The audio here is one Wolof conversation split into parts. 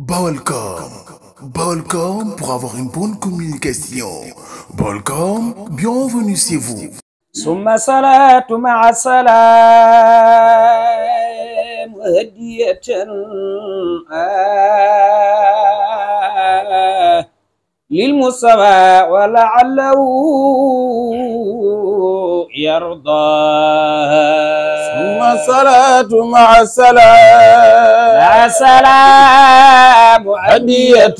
Balcom. Balcom pour avoir une bonne communication. Balcom, bienvenue chez vous. Summa salatu للمستوى ولعله يرضى ثم صلاة مع السلام مع سلام عدية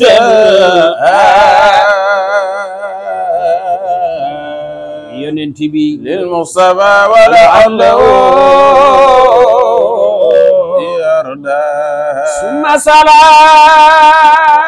آه. ينتبي للمصطفى ولعله يرضى ثم سلام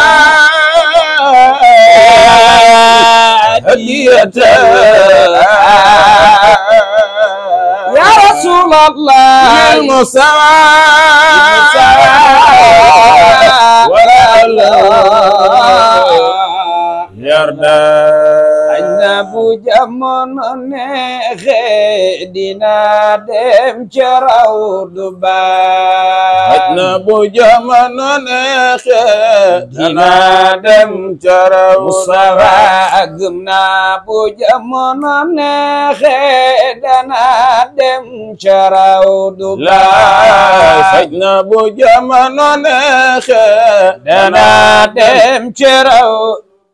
يا رسول الله المسوى ولا الله يرضى na bu jamono neexe dina dem ca rawdu ba na bu jamono neexe dina dem ca rawdu ba na bu jamono neexe dana dem ca rawdu ba na bu jamono neexe dana dem ca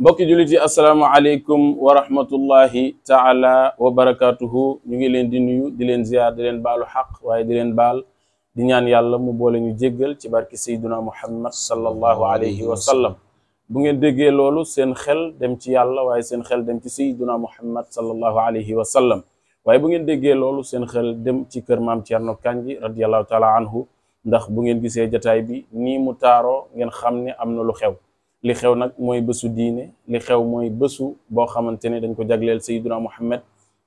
mbokki juliti assalamu alaykum wa rahmatullahi taala wa barakatuh ñu ngi leen di nuyu di leen ziar di leen balu haq waye di leen bal di ñaan yàlla mu boole ñu jéggel ci barki sayyiduna muhammad sallallahu alayhi wa sallam bu ngeen déggé loolu seen xel dem ci yàlla waye seen xel dem ci sayyiduna muhammad sallallahu alayhi wa sallam waye bu ngeen déggé loolu seen xel dem ci kër maam Thierno kanji radiyallahu taala anhu ndax bu ngeen gisee jotaay bi ni mu taaroo ngeen xamne amna lu xew li xew nag mooy bésu diine li xew mooy bésu boo xamante ne dañ ko jagleel sayyiduna muhammad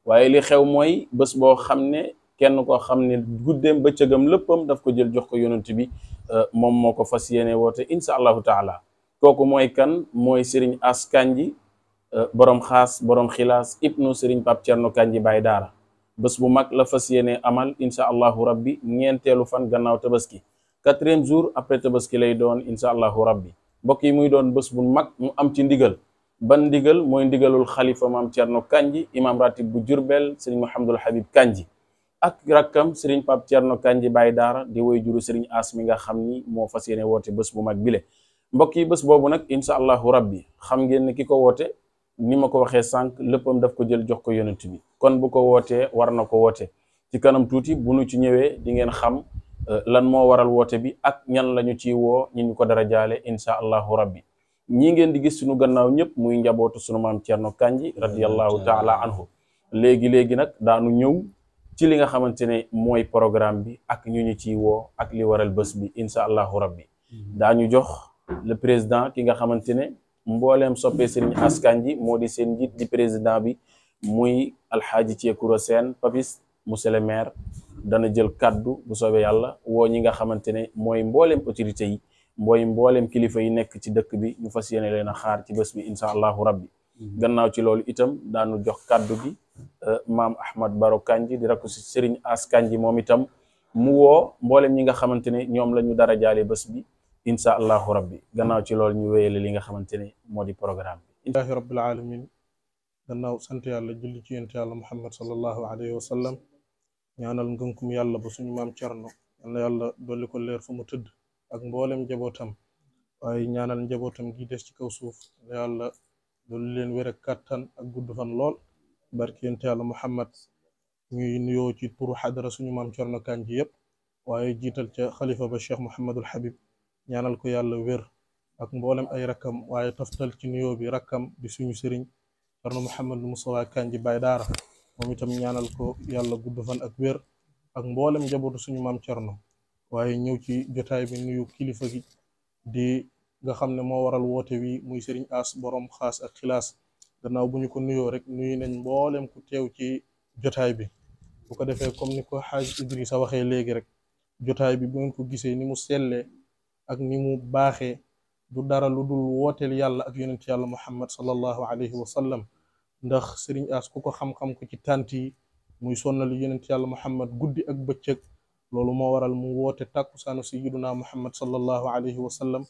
waaye li xew mooy bés boo xam ne kenn koo xam ne guddeem bëccëgam léppam daf ko jël jox ko yonent bi euh, moom moo ko fas yéene woote incha allahu taala kooku mooy kan mooy sëriñ as kanji euh, borom xaas borom xilaas ibnu sëriñ pap cerno kanji baay daara bés bu mag la fas yéene amal incha allahu rabbi ñeenteelu fan gannaaw tabaski quatrième jour après tabaski lay doon incha allahu rabbi bokki muy doon bés bu mag mu am ci ndigal ban ndigal moy ndigalul khalifa mam tierno kanji imam ratib bu Jurbel serigne Habib kanji ak rakam serigne pap tierno kanji Baye di way juru serigne As mi nga xamni mo fasiyene wote yéene bu mag bile mbokki yi bobu nak inshallah rabbi xam ngeen ni ki ko ni ko daf ko jël jox ko yonent kon bu ko wote war na ko woote ci kanam tuti bu nu ci ñewé di ngeen xam Euh, lan moo waral woote bi ak ñan lañu ci woo ñi ñu ko dara jaale insha allahu rabbi ñii ngeen di gis suñu gannaaw ñëpp muy njabootu sunu maam Thierno Kandji radiallahu taala anhu léegi-léegi nag daanu ñëw ci li nga xamante ne mooy programme bi ak ñu ñu ciy woo ak li waral bés bi insha allahu rabbi mhm. daañu jox le président ki nga xamante ne mbooleem soppee Serigne Ass Kandji moo di seen jiit di président bi muy alxaaji Ceekura Seen Papis monsieur le maire dana jël kàddu bu soobee yàlla woo ñi nga xamante ne mooy mbooleem autorité yi mooy mbooleem kilifa yi nekk ci dëkk bi mu fas yéene leen a xaar ci bés bi incha allahu rabbi mhm. gannaaw ci loolu itam daanu jox kàddu gi euh, maam Ahmad Baro Kanji di rakku si Serigne As Kanji moom itam mu woo mbooleem ñi nga xamante ne ñoom la ñu dara jaale bés bi incha allahu rabbi gannaaw ci loolu ñu wéyale li nga xamante ne moo di programme bi. alhamdulilah rabbil alamin gannaaw sant yàlla julli ci yonent yàlla Muhammad sallallahu alayhi wa ñaanal ngënkum yàlla bu suñu mam Cerno yalla yàlla dolli ko leer fu mu tudd ak mboolem jabotam way ñaanal njabootam gi dess ci kaw suuf yàlla dolli leen wér ak katan ak guddu fan lol barkeent yàlla Muhammad ñuy nuyo ci pour hadra suñu mam Cerno Kandji yeb waaye jital ci khalifa ba Cheikh muhammad al Habib ñaanal ko yàlla wér ak mboolem ay rakam waaye toftal ci nuyo bi rakam bi suñu serigne Cerno Mouhamadul Moussa Kandji Baye Daara moom itam ñaanal ko yàlla gudd fan ak wér ak mboolem njabootu suñu maam Cerno waaye ñëw ci jotaay bi nuyu kilifa gi di nga xam ne moo waral woote wi muy sëriñ As borom xaas ak xilaas gannaaw bu ñu ko nuyoo rek nuyu nañ mboolem ku teew ci jotaay bi bu ko defee comme ni ko xaaj Idrissa waxee léegi rek jotaay bi bu ngeen ko gisee ni mu sellee ak ni mu baaxee du dara lu dul wooteel yàlla ak yonent yàlla muhammad sallallahu alayhi wa sallam ndax sëriñ As ku ko xam-xam ko ci tànt yi muy sonnal yonent yàlla Muhammad guddi ak bëccëg loolu moo waral mu woote tàkkusaanu sayyiduna Muhammad sallallahu alayhi wa sallam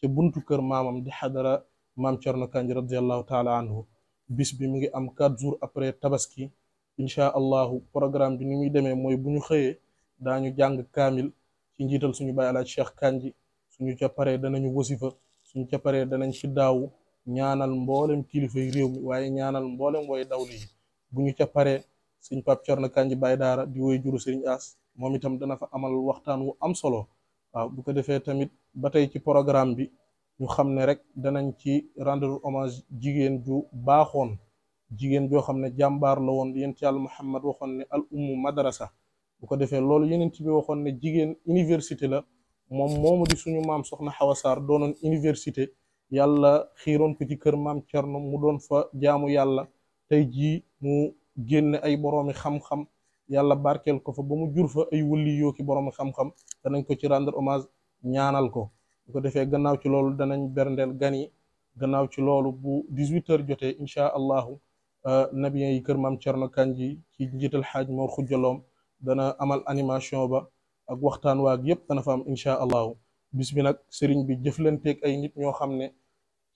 ca buntu kër maamam di xadara maam Cerno Kanji radiallahu taala anhu bis bi mu ngi am quatre jours après tabaski incha allahu programme bi ni muy demee mooy bu ñu xëyee daañu jàng kaamil ci njiital suñu bàyyi alaaj Cheikh Kanji suñu ca paree danañu wasifa suñu ca paree danañ ci daawu ñaanal mboolem kilifa réew mi waaye ñaanal mboolem way dawli yi bu ñu ca paree sëñ Pape Thierno Kandji bay Daara di woy juru sëriñ As moom itam dana fa amal waxtaan wu am solo waaw bu ko defee tamit ba tey ci programme bi ñu xam ne rek danañ ci rendre hommage jigéen ju baaxoon jigéen joo xam ne jàmbaar la woon yéen ci yàlla Muhammad waxoon ne al ummu madrasa bu ko defee loolu yeneen ci bi waxoon ne jigéen université la moom moomu di suñu maam soxna Xawa Sarr doonoon université yàlla xiiroon ko ci kër maam Cerno mu doon fa jaamu yàlla tey jii mu génne ay boroomi xam-xam yàlla barkeel ko fa ba mu jur fa ay wëlli yoo ki boroomi xam-xam danañ ko ci rendre omage ñaanal ko bu ko defee gannaaw ci loolu danañ berndeel gan yi gannaaw ci loolu bu 18 heures jotee incha allahu euh, nabiyen yi kër maam Cerno Kanji ci njiital xaaj Mor Xujjaloom dana amal animation ba ak waxtaan waag yépp dana fa am incha allahu bis bi nag sëriñ bi jëflanteeg ay nit ñoo xam ne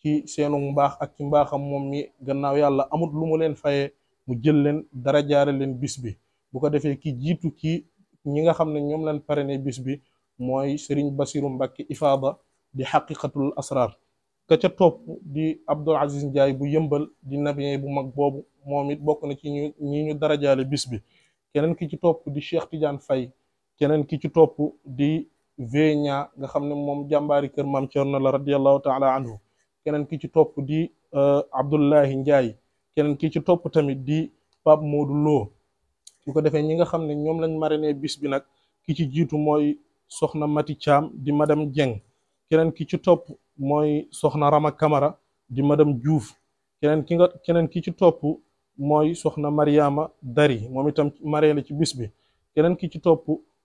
ci seenu mbaax ak ci mbaaxam moom mi gannaaw yàlla amut lu mu leen fayee mu jël leen dara jaare leen bis bi bu ko defee ki jiitu ki ñi nga xam ne ñoom lañ parrainé bis bi mooy sëriñ Basiru mbaki Ifaada di xaqiqatul asrar ka ca topp di Abdul Aziz Njaay bu yëmbal di nabiyen bu mag boobu moom it bokk na ci ñi ñu dara jaale bis bi keneen ki ci topp di Cheikh Tidiane Faye keneen ki ci topp Veña nga xam ne moom jàmbaari kër maam Cerno la radiallahu taala anhu keneen ki ci topp di uh, Abdullahi Ndiaye keneen ki ci topp tamit di Pape moodu loo su ko defee ñi nga xam ne ñoom lañ mariné bis bi nag ki ci jiitu mooy soxna Mati Thiam di madame Dieng keneen ki ci topp mooy soxna Rama Kamara di madame Diouf keneen ki nga keneen ki ci topp mooy soxna mariyama Dari moom itam marié la ci bis bi keneen ki ci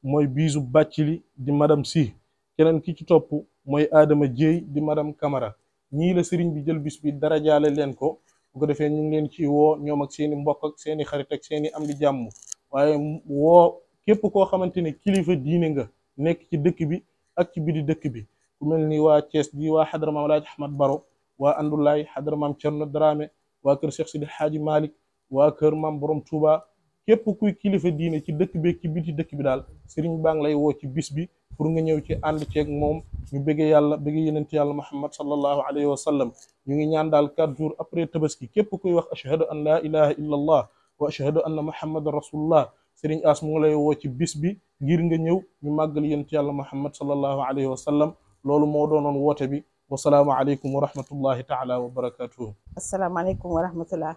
mooy biisu bàccili di madame si keneen ki ci topp mooy Adama Dieye di madame kamara ñii la sëriñ bi jël bis bi dara jaale leen ko bu ko defee ñu ngi leen ci woo ñoom ak seeni mbokk ak seeni xarit ak seeni am di jàmm waaye woo képp koo xamante ne kilifa diine nga nekk ci dëkk bi ak ci biti dëkk bi ku mel ni waa cees di waa xadara maam Alaaji Ahmad Baro waa Andulaay xadara maam Cerno Dramé waa kër Cheikh Sidi Xaaji Malick waa kër maam Borom Touba képp kuy kilifa diine ci dëkk bi ci dëkk bi daal sëriñ baa lay woo ci bis bi pour nga ñëw ci ànd ceeg moom ñu bëggee yàlla bëggee yenent yàlla muhammad sallallahu alayhi wa sallam ñu ngi ñaan daal quatre jours après tabaski képp kuy wax ashhadu an laa ilaha illa allah wa ashhadu anna muhammadan rasulullah sëriñ as mu lay woo ci bis bi ngir nga ñëw ñu màggal yenent yàlla muhammad sallallahu alayhi wa sallam loolu moo doonoon woote bi wasalaamu aleykum wa rahmatullahi taala wa barakatuhu asalaamaaleykum wa rahmatullah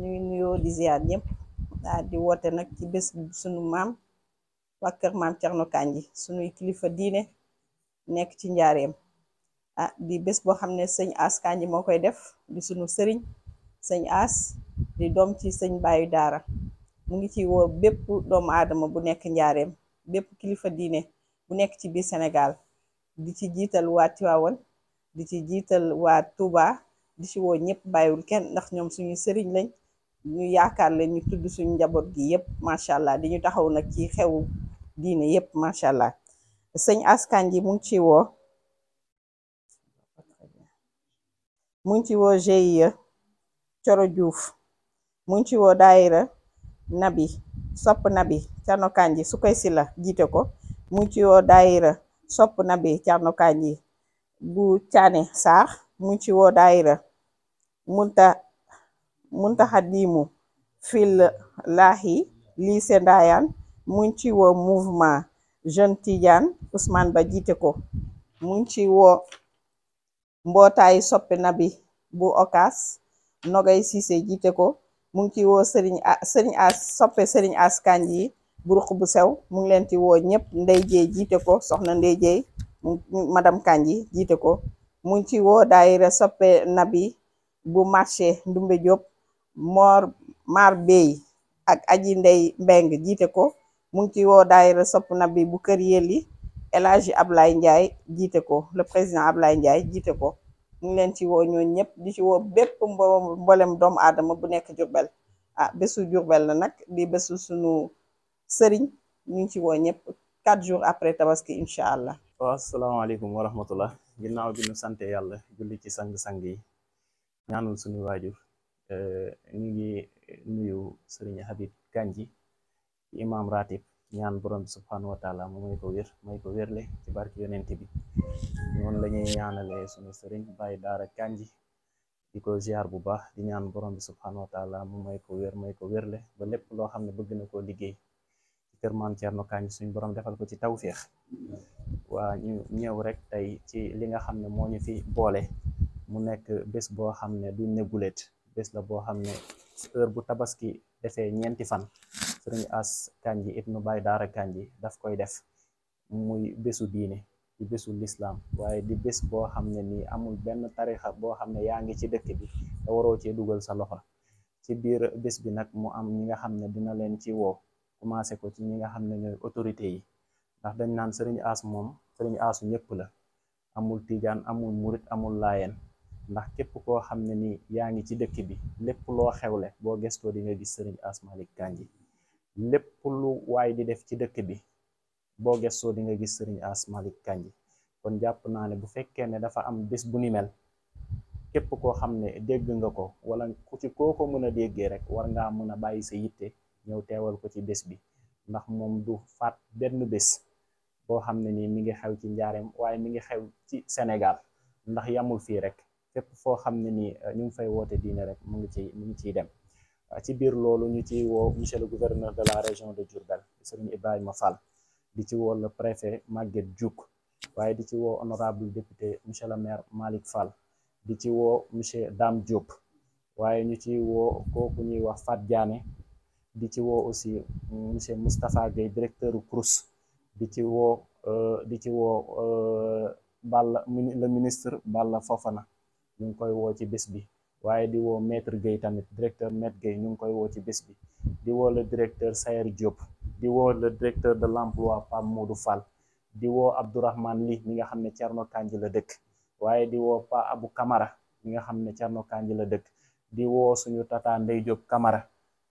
ñu ngi nuyoo di ziar daal di woote nag ci bés sunu maam waa kër maam Thierno Kandji sunuy kilifa diine nekk ci njaareem ah di bés boo xam ne sëñ As Kandji moo koy def di sunu sëriñ sëñ As di doom ci sëñ Bayu Daara mu ngi ci woo bépp doomu aadama bu nekk njaareem bépp kilifa diine bu nekk ci biir Sénégal di ci jiital waa Tiwaawan di ci jiital waa Touba di ci woo ñëpp bàyyiwul kenn ndax ñoom suñuy sëriñ lañ. ñu yaakaar leen ñu tudd suñ njaboot gi yëpp macha allah di ñu taxaw nag ci xewu diine yëpp macha allah sëñ askan mu ngi ci woo mu ngi ci woo GIE Coro juuf mu ngi ci woo daayira nabi sopp nabi Thierno Kandji su koy si la jiite ko mu ngi ci woo daayira sopp nabi Thierno Kandji bu caane saax mu ngi ci woo daayira munta Muntaha Dimu Fillahi lycée Ndayane mun ci woo mouvement jeune Tidiane Ousmane Ba jiite ko mun ci woo mbootaayu soppe nabi bu Okas Nogay Cissé jiite ko mu ngi ci woo as soppe sëriñ as Kanji bu ruq bu sew mu ngi leen ci woo ñëpp Ndey Jeey jiite ko soxna Ndey Jeey madame Kanji jiite ko mu ngi ci woo daayira nabi bu marché Ndumbe Diop Mor Mar Bey ak Aji Ndey Mbeng jiite ko mu ngi wo woo daayira sopp nabi bu keur yeli elage ablay ndjay Ndiaye ko le président ablay ndjay jiite ko mu ngi len ci wo ñoo ñep di ci wo bepp mboolem dom adama bu nek Jurbel ah besu Jurbel la nak di besu sunu serigne ñu ci wo ñep 4 jours après tabaski inshallah wa assalamu alaykum wa rahmatullah ginnaw bi ñu sante yalla julli ci sang-sang yi ñaanul sunu wajur ñu eh, ngi nuyu sëriñ Habib kanji imam ratib ñaan borom bi subhanahu wa taala mu may ko wér may ko wérle ci barki yonent bi noonu la ñuy suñu sëriñ Baye Daara Kandji di ko ziar bu baax di ñaan borom bi subhanahu wa taala mu may ko wér may ko wérle ba lépp loo xam ne bëgg na koo liggéey ci kër maam Thierno Kandji suñu borom defal ko ci tawféex waa ñu ñëw rek tey ci li nga xam ne ñu fi boole mu nekk bés boo xam ne du negulet bis la boo xam ne heure bu tabaski desee ñeenti fan sëriñ as kanji ibnu bay daara kanji daf koy def muy bésu diine di bésu lislaam waaye di bés boo xam ne nii amul benn tarixa boo xam ne yaa ngi ci dëkk bi te waroo cee dugal sa loxo ci biir bés bi nag mu am ñi nga xam ne dina leen ci woo commencé ko ci ñi nga xam ne ñooy autorité yi ndax dañ naan sëriñ as moom sëriñ asu ñëpp la amul tijaan amul murit amul laayeen ndax képp koo xam ne nii yaa ngi ci dëkk bi lépp loo xewle boo gestoo di gis sëriñ Ass Malick Kandji lépp lu waaye di def ci dëkk bi boo gestoo di nga gis sëriñ Ass Malick kon jàpp naa ne bu fekkee ne dafa am bés bu ni mel képp koo xam ne dégg nga ko wala ku ci koo ko mën a déggee rek war ngaa mën a bàyyi sa yitte ñëw teewal ko ci bés bi ndax moom du faat benn bés boo xam ne nii mi ngi xew ci njaareem waaye mi ngi xew ci senegal ndax yamul fii rek fépp foo xam ne nii euh, ñu ngi fay woote diine rek mu ngi ci mu ngi ciy dem euh, ci biir loolu ñu ciy woo monsieur le gouverneur de la région de Diourbel Serigne Ibrahima Fall di ci woo le préfet Maguette Diouk waaye di ci woo honorable député monsieur le maire Malick Fall di ci woo monsieur Dame Diop waaye ñu ci woo kooku ñuy wax Fat Diané di ci woo aussi mm, monsieur Moustapha Gueye directeur CROUS di ci woo euh, di ci woo Balla le ministre Balla Fofana ñu ngi koy wo ci bës bi waye di wo maître gay tamit directeur maître gay ñu ngi koy wo ci bës bi di wo le directeur Sayer Diop di wo le directeur de l'emploi pam Modou Fall di wo Abdourahmane li mi nga xamné tierno kanji la dëkk waye di wo Pa Abou Camara mi nga xamné tierno kanji la dëkk di wo suñu tata ndey Diop Camara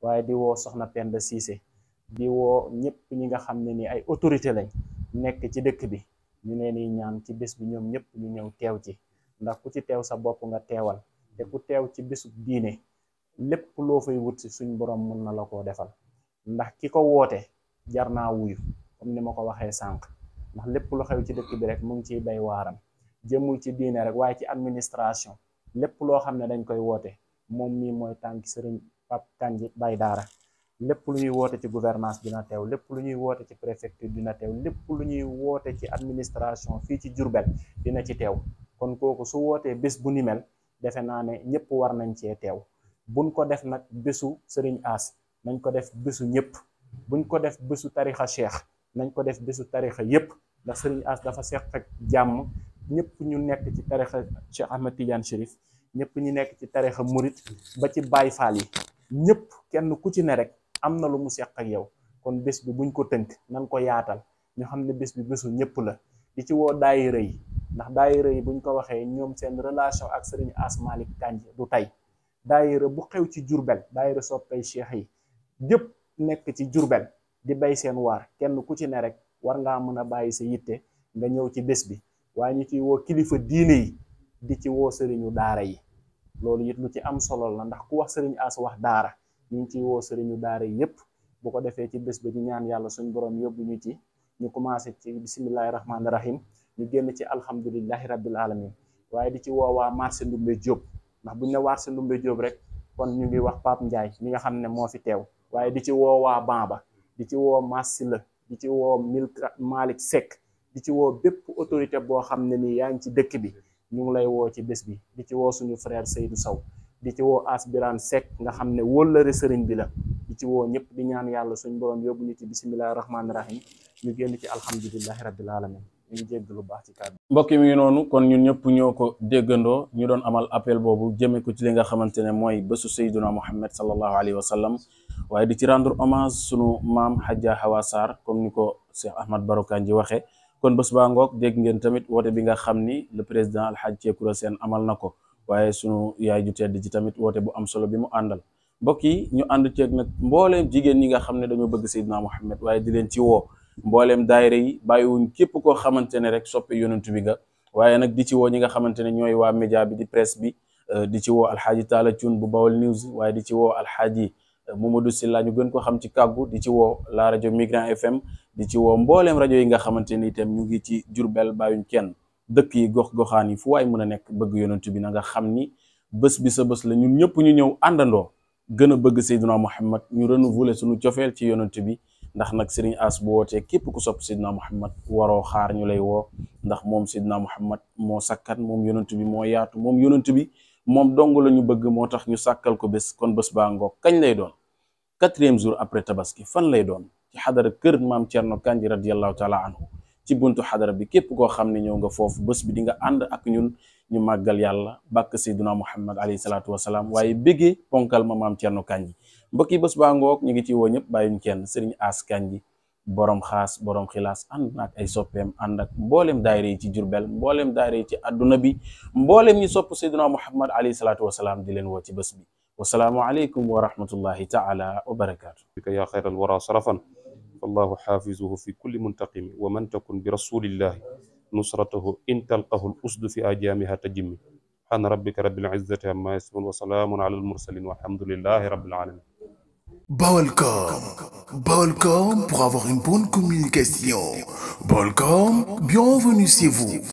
waye di wo Soxna pende Cissé di wo ñepp ñi nga xamné ni ay autorité lañ Nek ci dëkk bi ñu leen di ñaan ci bës bi ñom ñepp ñu ñew ci ndax ku ci teew sa bopp nga teewal te ku teew ci bésub diine lépp loo fay wut si suñ borom mën na la koo defal ndax ki ko woote jar naa wuyu comme ni ma ko waxee sànq ndax lépp lu xew ci dëkk bi rek mu ngi ciy bay waaram jëmul ci diine rek waaye ci administration lépp loo xam ne dañ koy woote moom mii mooy tànki sëriñ pap kanji bay daara lépp lu ñuy woote ci gouvernance dina teew lépp lu ñuy woote ci préfecture dina teew lépp lu ñuy woote ci administration fii ci Jurbel dina ci teew kon kooku su wootee bés bu ni mel defe naa ne ñëpp war nañ cee teew buñ ko def nag bésu sëriñ As nañ ko def bésu ñëpp buñ ko def bésu tarixa cheikh nañ ko def bésu tarixa yëpp ndax sëriñ As dafa seq ak jàmm ñëpp ñu nekk ci tarixa Cheikh Ahmed Tidiane Chérif ñëpp ñu nekk ci tarixa murit ba ci Baay Faal yi ñëpp kenn ku ci ne rek am na lu mu seq ak yow kon bés bi buñ ko tënk nañ ko yaatal ñu xam ne bés bi bésu ñëpp la di ci woo daayira yi ndax daayira yi buñ ko waxee ñoom seen relation ak sëriñ Asmalik Kanje du tey daayira bu xew ci Jurbel daayira soppay cheikh yi jëpp nekk ci Jurbel di bay seen waar kenn ku ci ne rek war ngaa mën a bàyyi sa yitte nga ñëw ci bés bi waaye ñu ciy woo kilifa diine yi di ci woo sëriñu daara yi loolu it lu ci am solo la ndax ku wax sëriñ As wax daara ñu ngi ciy woo sëriñu daara yi yépp bu ko defee ci bés ba ñu ñaan yàlla suñ borom yóbbu ñu ci ñu commencé ci bisimillahi rahmaani rahim ñu génn ci alhamdulilahi rabbil alamin waaye di ci woowaa marché Ndumbe Diop ndax buñ ne waar marché Ndumbe Diop rek kon ñu ngi wax paap Ndiaye mi nga xam ne moo fi teew waaye di ci woowaa ba di ci woo Massi la di ci woo Mil Malick Seck di ci woo bépp autorité boo xam ne nii yaa ngi ci dëkk bi ñu ngi lay woo ci bés bi di ci woo suñu frère Seydou saw di ci woo Asbirane Seck nga xam ne wóllëre sëriñ bi la di ci woo ñëpp di ñaan yàlla suñ borom yóbbu ñu ci bisimilah rahmaani rahim ñu génn ci alhamdulilahi rabbil alamin ñu ngi jégg lu baax ci kàddu mbokk mi noonu kon ñun ñëpp ñoo ko déggandoo ñu doon amal appel boobu jëmmee ko ci li nga xamante ne mooy bésu sayduna muhammad sallallahu alayhi wa sallam waaye di ci rendre hommage sunu maam Hadja Hawa Sarr comme ni ko Cheikh Ahmad Barokan ji waxee kon bés baa ngoog dégg ngeen tamit woote bi nga xam ni le président Alhaji Ceekura Seen amal na ko waaye sunu yaay ju tedd ci tamit woote bu am solo bi mu àndal mbokk yi ñu ànd ceeg nag mbooleem jigéen ñi nga xam ne dañoo bëgg sayduna muhammad waaye di leen ci woo mbooleem daayira yi bàyyiwuñ képp koo xamante ne rek soppe yonent bi nga waaye nag di ci woo ñi nga xamante ne ñooy waa média bi di presse bi euh, di ci woo alxaaji Talla Thioune bu Bawol News waaye di ci woo alxaaji euh, Mamadou Sylla ñu gën ko xam ci kàggu di ci woo la rajo Migrant FM di ci woo mbooleem rajo yi nga xamante ni itam ñu ngi ci Jurbel bàyyuñ kenn dëkk yi gox goxaan yi fu waay mën a nekk bëgg yonent bi na nga xam ni bës bi sa bës la ñun ñëpp ñu ñëw àndandoo gën a bëgg Seydina Muhammad ñu renouveler suñu cofeel ci yonent bi ndax nak serigne as bu wote kep ku sop sidna muhammad waro xaar ñu lay wo ndax mom sidna muhammad mo sakkan mom yonent bi mo yaatu mom yonent bi mom dong lañu bëgg moo tax ñu sakkal ko bes kon bes ba ngok kañ lay doon 4e jour après tabaski fan lay doon ci hadara keur mam Cerno Kanji radiyallahu taala anhu ci buntu hadara bi kep ko xamni ne nga fofu bes bi di nga and ak ñun ñu yalla bak sidna muhammad alayhi salatu wassalam waye bege ponkal mam Kanji mbokk yi bés baa ngoog ñu ngi ci wo ñep bàyyiñ kenn sëriñ Ass gi borom xaas borom xilaas ànd nak ay soppeem ànd ak mbollem daayira yi ci Jurbel mbollem daayira yi ci aduna bi mbollem ñi sopp sayyidina Muhammad ali salatu wasalaam di leen wo ci bés bi wasalaamu alaykum wa rahmatullahi taala wa barakatuh ya yaa al wara sarafan fallahu xaafizuhu fi kulli muntaqimi wa man takun bi rasulillahi nusratahu in talqahu al usdu fi ajaamiha tajimmi subhaana rabbika rabbil izzati amma yasifun wa salaamun ala al mursalin walhamdulillahi Balcom. Balcom pour avoir une bonne communication. Balcom, bienvenue chez vous.